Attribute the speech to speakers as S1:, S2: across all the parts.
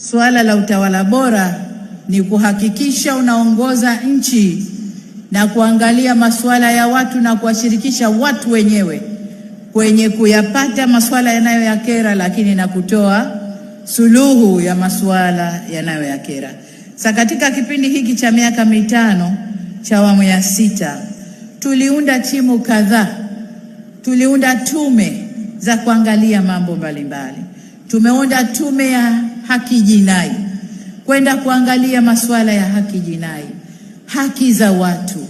S1: Suala la utawala bora ni kuhakikisha unaongoza nchi na kuangalia masuala ya watu na kuwashirikisha watu wenyewe kwenye kuyapata masuala yanayoyakera, lakini na kutoa suluhu ya masuala yanayoyakera. Sa katika kipindi hiki cha miaka mitano cha awamu ya sita tuliunda timu kadhaa, tuliunda tume za kuangalia mambo mbalimbali, tumeunda tume ya haki jinai, kwenda kuangalia masuala ya haki jinai, haki za watu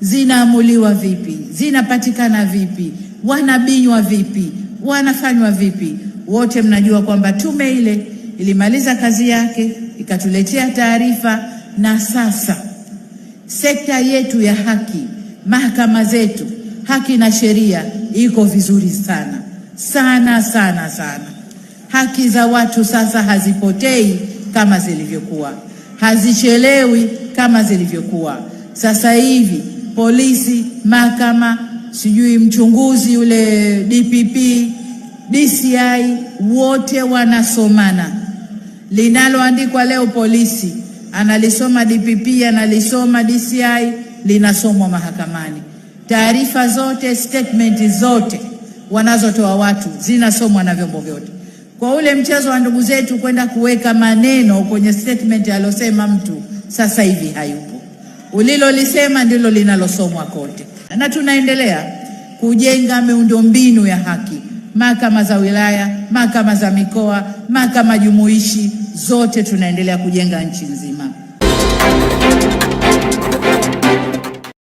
S1: zinaamuliwa vipi, zinapatikana vipi, wanabinywa vipi, wanafanywa vipi. Wote mnajua kwamba tume ile ilimaliza kazi yake ikatuletea taarifa, na sasa sekta yetu ya haki, mahakama zetu, haki na sheria iko vizuri sana sana sana sana. Haki za watu sasa hazipotei kama zilivyokuwa, hazichelewi kama zilivyokuwa. Sasa hivi polisi, mahakama, sijui mchunguzi yule DPP, DCI, wote wanasomana. Linaloandikwa leo polisi analisoma DPP, analisoma DCI, linasomwa mahakamani. Taarifa zote, statement zote wanazotoa watu zinasomwa na vyombo vyote kwa ule mchezo wa ndugu zetu kwenda kuweka maneno kwenye statement alosema mtu, sasa hivi hayupo. Ulilolisema ndilo linalosomwa kote, na tunaendelea kujenga miundombinu ya haki, mahakama za wilaya, mahakama za mikoa, mahakama jumuishi, zote tunaendelea kujenga nchi nzima.